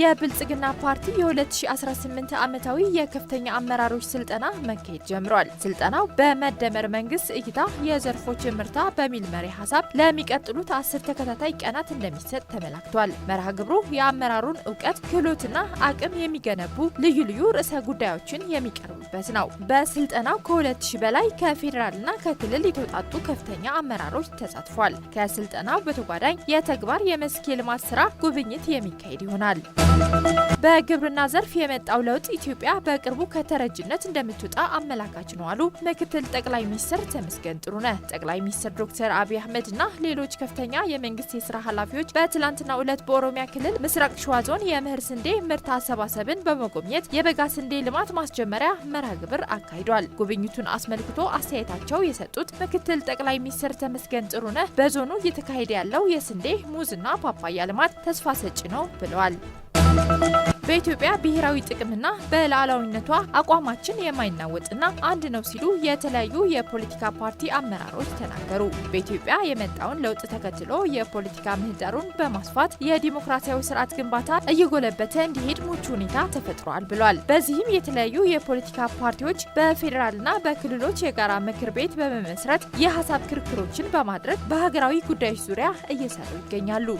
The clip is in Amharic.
የብልጽግና ፓርቲ የ2018 ዓመታዊ የከፍተኛ አመራሮች ስልጠና መካሄድ ጀምሯል። ስልጠናው በመደመር መንግስት እይታ የዘርፎች ምርታ በሚል መሪ ሀሳብ ለሚቀጥሉት አስር ተከታታይ ቀናት እንደሚሰጥ ተመላክቷል። መርሃ ግብሩ የአመራሩን እውቀት ክህሎትና አቅም የሚገነቡ ልዩ ልዩ ርዕሰ ጉዳዮችን የሚቀርቡበት ነው። በስልጠናው ከ2000 በላይ ከፌዴራልና ከክልል የተውጣጡ ከፍተኛ አመራሮች ተሳትፏል። ከስልጠናው በተጓዳኝ የተግባር የመስክ የልማት ስራ ጉብኝት የሚካሄድ ይሆናል። በግብርና ዘርፍ የመጣው ለውጥ ኢትዮጵያ በቅርቡ ከተረጅነት እንደምትወጣ አመላካች ነው አሉ ምክትል ጠቅላይ ሚኒስትር ተመስገን ጥሩነህ። ጠቅላይ ሚኒስትር ዶክተር አብይ አህመድ እና ሌሎች ከፍተኛ የመንግስት የስራ ኃላፊዎች በትላንትናው ዕለት በኦሮሚያ ክልል ምስራቅ ሸዋ ዞን የምህር ስንዴ ምርት አሰባሰብን በመጎብኘት የበጋ ስንዴ ልማት ማስጀመሪያ መርሃ ግብር አካሂዷል። ጉብኝቱን አስመልክቶ አስተያየታቸው የሰጡት ምክትል ጠቅላይ ሚኒስትር ተመስገን ጥሩነህ በዞኑ እየተካሄደ ያለው የስንዴ ሙዝና ፓፓያ ልማት ተስፋ ሰጪ ነው ብለዋል። በኢትዮጵያ ብሔራዊ ጥቅምና በሉዓላዊነቷ አቋማችን የማይናወጥና አንድ ነው ሲሉ የተለያዩ የፖለቲካ ፓርቲ አመራሮች ተናገሩ። በኢትዮጵያ የመጣውን ለውጥ ተከትሎ የፖለቲካ ምህዳሩን በማስፋት የዲሞክራሲያዊ ስርዓት ግንባታ እየጎለበተ እንዲሄድ ምቹ ሁኔታ ተፈጥሯል ብሏል። በዚህም የተለያዩ የፖለቲካ ፓርቲዎች በፌዴራልና በክልሎች የጋራ ምክር ቤት በመመስረት የሀሳብ ክርክሮችን በማድረግ በሀገራዊ ጉዳዮች ዙሪያ እየሰሩ ይገኛሉ።